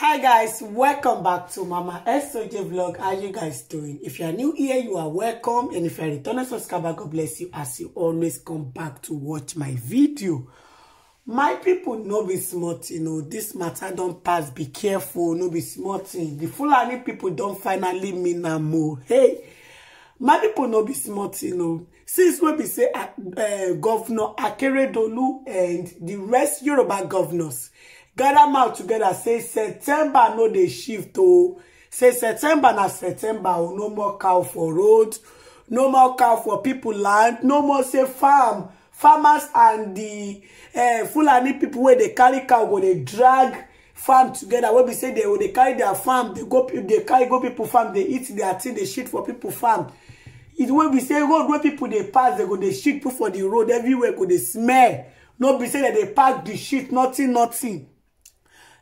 hi guys welcome back to mama soj vlog how you guys doing if you are new here you are welcome and if you are returning subscriber god bless you as you always come back to watch my video my people no be smart you know this matter don't pass be careful no be small the fulani people don't finally mean no oh. more. hey my people no be small thing o since wey be say uh, uh, governor akeredolu and the rest yoruba governors gather mouth together say september no dey shift Oh, say september na september o no more cow for road no more cow for people land no more say farm farmers and the di eh, fulani people where they carry cow go they drag farm together Where we say they they carry their farm They go they carry go people farm They eat their thing they shit for people farm it wey be say road where people they pass they go they shit put for the road everywhere go they smell no be say that they pack the shit nothing nothing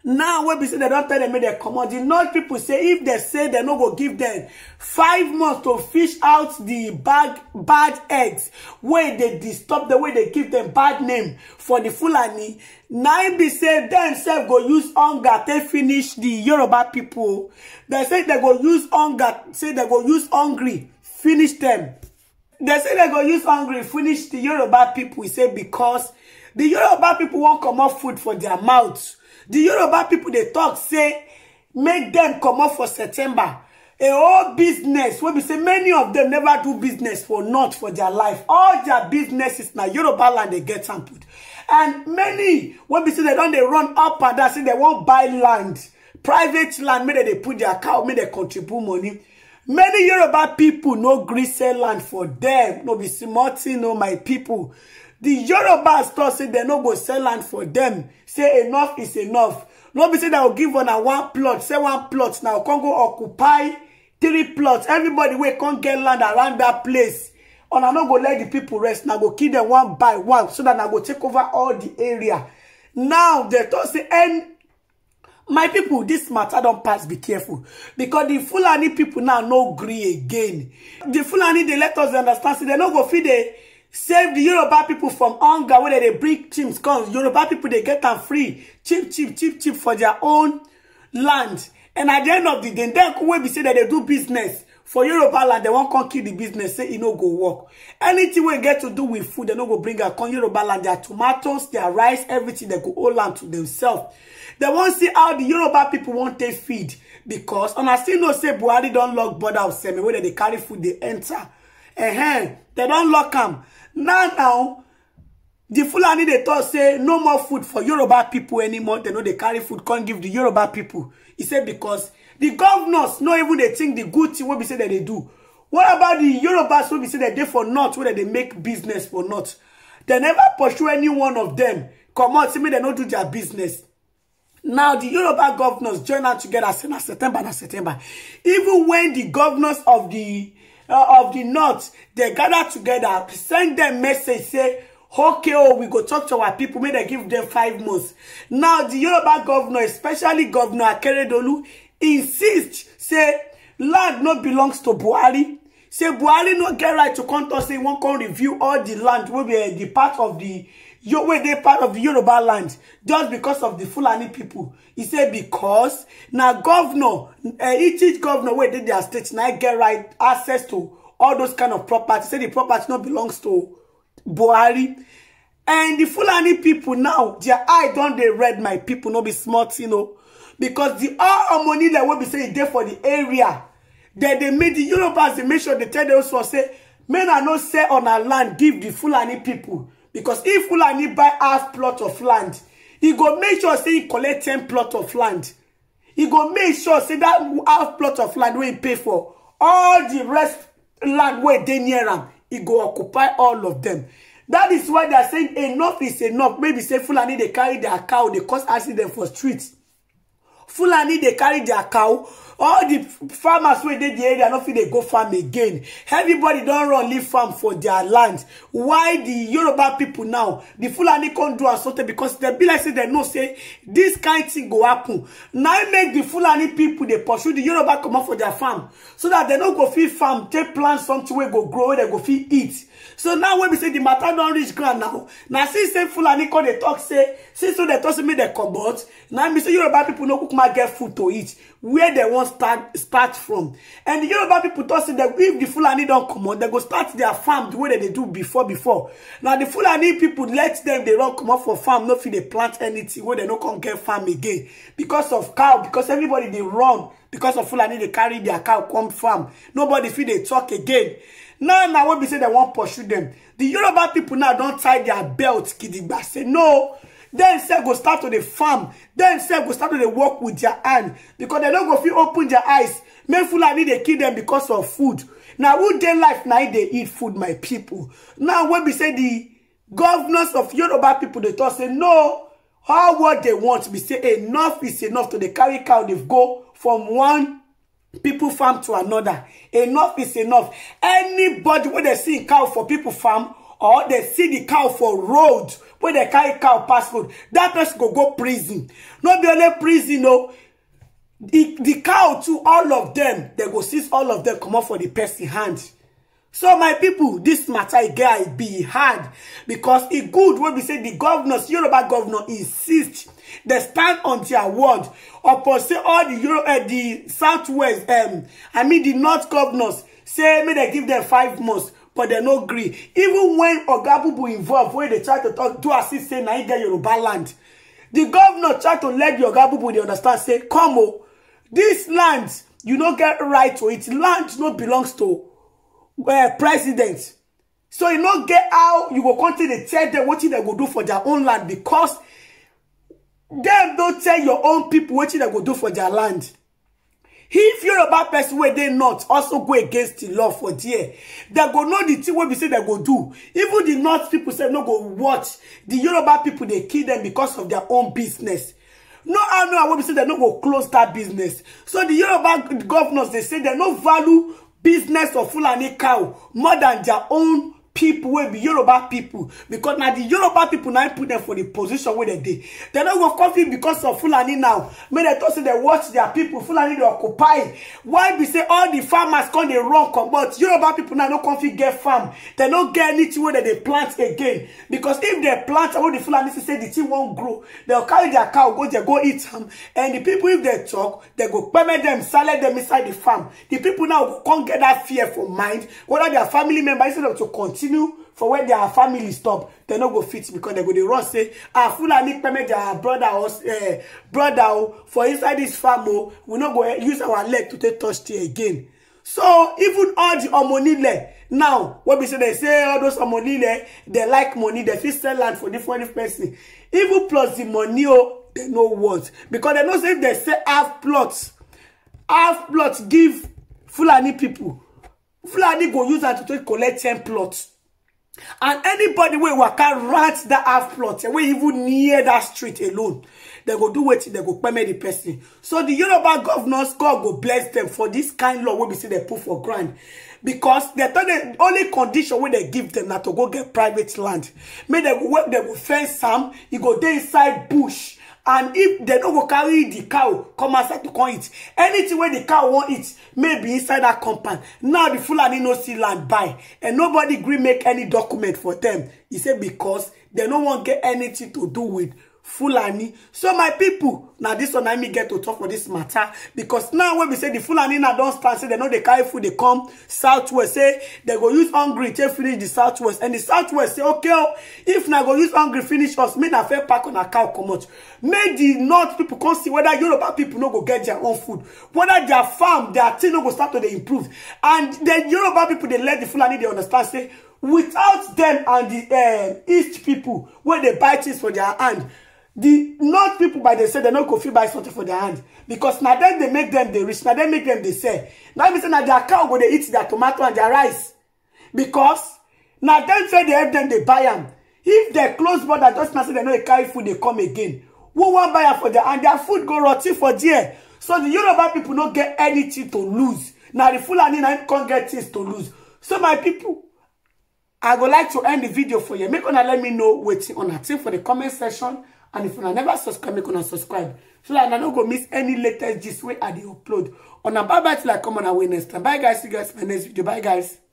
now when be say they don't tell them make dem comot di north people say if they say they no go give them five months to fish out the bad bad eggs Where they disturb the way they give them bad name for the fulani Now, im be say themselves go use hunger take finish the yoruba people. They say they go use hunger say they go use hungry finish them. They say they go use hungry finish the yoruba people. We say because the yoruba people won't come up food for their mouths. The yoruba people they talk say make them come up for september a whole business When we say many of them never do business for north for their life all their businesses na yoruba land they get am and many when we say they don't they run up and down say they wan buy land private land Maybe they put their cow maybe they contribute money many yoruba people no gree sell land for them. no be see tin No, my people. The yorubas tok say they no go sell land for them. say enough is enough Nobody say dem will give a one plot say one plot now con go occupy three plots everybody wey can't get land around that place I no go let the people rest Now go kill them one by one so that I go take over all the area now they tok say and my people, this matter don't pass be careful because the fulani people now no agree again The fulani they let us understand say they no go feed the save the yoruba people from hunger wey they dey bring chimps come yoruba people they get them free cheap cheap cheap cheap for their own land and at the end of the day dem wey be say that they do business for yoruba land They won't come kill the business say you know go work Anything we get to do with food they don't go bring a come yoruba land their tomatoes their rice everything they go hold land to themselves. They won't see how the yoruba people wan take feed because and I still know say buhari don't lock border of semi. Whether they carry food they enter. -huh. they don't lock am now now di fulani they tok say no more food for yoruba people anymore They know they carry food can't give the yoruba people. He said because the governors not even they think the good thing wey be say that they do what about the yorubas wey be say that they for not? wey they make business for not? They never pursue any one of them. Come comot see me. They no do their business now the yoruba governors join out together say september na september even when the governors of the uh, of the north they gather together send them message say okay oh we go talk to our people May they give them five months now the yoruba governor, especially govnor akeredolu insist say land no belongs to buhari say buhari no get right to come talk say e wan come review all the land will be eh, the part of the your way dey part of di yoruba land just because of the fulani pipo e say becos na govnor eh, each govnor wey dey dia state na get right access to all those kind of property say the property not belongs to buhari and the fulani people. now their eye don't they read my people? no be smart, you oh. know, because the all money that will be say there for the area that they made the yorubas they make sure they tell those ones say men are not sell on our land give the fulani people because if fulani buy half plot of land he go make sure say he collect ten plot of land He go make sure say that half plot of land wey e pay for all the rest land where they near him, he go occupy all of them. That is why they are saying enough is enough maybe say fulani they carry their cow they cause accident for streets. fulani they carry their cow all the farmers wey dey di area no fit dey go farm again everybody don run leave farm for their land why di yoruba pipo now di fulani come do am something because dem be like say dem know say dis kain thing go happen na im make di fulani pipo dey pursue di yoruba comot for their farm so dat dem no go fit farm take plant something wey go grow wey dem go fit eat so now wey be say di matter don reach ground now na since say fulani come dey talk say since so dem talk say make dem comot na im be say yoruba pipo no kukuma get food to eat where they wan start start from and the yoruba pipo tok that if the fulani don comot they go start their farm the way dem dey do before before now, the fulani people let them they don't come up for farm not fit they plant anything where they no come get farm again because of cow because everybody they run because of fulani they carry their cow come farm nobody fit they talk again now now wey be say they wan pursue them. The yoruba people now don't tie their belt gidigba say no Then say go start to the farm Then say go start to the work with their hand because dem no go fit open their eyes full I need dey kill them because of food Now who dey life na they eat food my people. now when we say the governors of yoruba people, they tok say no How what they want We say enough is enough to the carry cow They go from one people farm to another enough is enough anybody when they see cow for people farm or they see the cow for road wey they carry cow pass road dat person go go prison no be only prison no. The the cow to all of them. They go seize all of them come comot for the person hand so my people, this matter guy be hard because it e good when we say the governors yoruba governor insist they stand on their word upon say all the eh, southwest um, i mean the north governors say may they give them five months but dem no agree. even when oga involved, involve they try to talk do as if say now you get yoruba land The governor try to let di oga bubu understand say come o oh, dis land you no get right to oh. it land no belongs to eh, president so you no get how you will continue dey tell dem wetin they will do for their own land because them don't tell your own pipo wetin they will do for their land if you're a bad person where they not also go against the law for there they go know the thing what we say they go do even the north people say no go watch the yoruba people They kill them because of their own business no how no wey be say they no go close that business so the yoruba governors they say they no value business of fulani cow more than their own people will be yoruba people because now the yoruba people now put them for the position where they dey dem no go conflict because of fulani now make dem talk say they watch their people fulani dey occupy why we say all the farmers come dey run But yoruba people now no come get farm They no get anything wey dem dey plant again because if they plant all the fulani say the thing won't grow dem carry their cow go there go eat them and the people if they talk they go permit them sell them inside the farm the people now can't get that fear for mind whether their family members instead of to continue continue for when their family stop they no go fit because they go dey run say ah fulani permit their ah, brother or uh, brother for inside this farm o we no go use our leg to take touch tea again so even all the omonile now what we say they say all those omonile they like money They fit sell land for different person even plus the money oh, they no want because they know say they say half plots, half plots give fulani people fulani go use that to take collect ten plots And anybody wey waka rat that half plot, wey even near that street alone, they go do wetin, they go permit the person. So the Yoruba governors, God go bless them for this kind law wey be see they put for ground. Because they thought the only condition where they give them that to go get private land. may they go work, they go fence some, e go dey inside bush and if they no go carry the cow come outside to come eat anything where the cow wan eat maybe inside that compound now the fulani no see land buy and nobody agree make any document for dem e say becos dem no wan get anything to do with fulani so my people. Now this one i me get to talk for this matter because now when we say the fulani na don't stand say dem no dey carry food They come southwest say they go use hungry to finish the southwest and the southwest say okay o oh, if na go use hungry finish us me na fair pack on a cow come out. make the north people come see whether yoruba people no go get their own food whether their farm their thing no go start to they improve and the yoruba people they let the fulani they understand say without them and di eh, east people wey they buy things for their hand the north people by themselves they no go fit buy something for their hand because now then they make them dey rich Now dem make them they sell now be say na their cow go they eat their tomato and their rice because now then say they help them dey buy them. if dem close border just na say dem no dey carry food they come again who want buy am for their and their food go rot for there so the yoruba people no get anything to lose Now the fulani na im come get things to lose so my people i would like to end the video for you. make una let me know wetin una think for the comment section and if una never subscribe make una subscribe so that una don't go miss any latest gist way i dey upload una bye bye till i come on our next time bye guys see you guys in my next video bye guys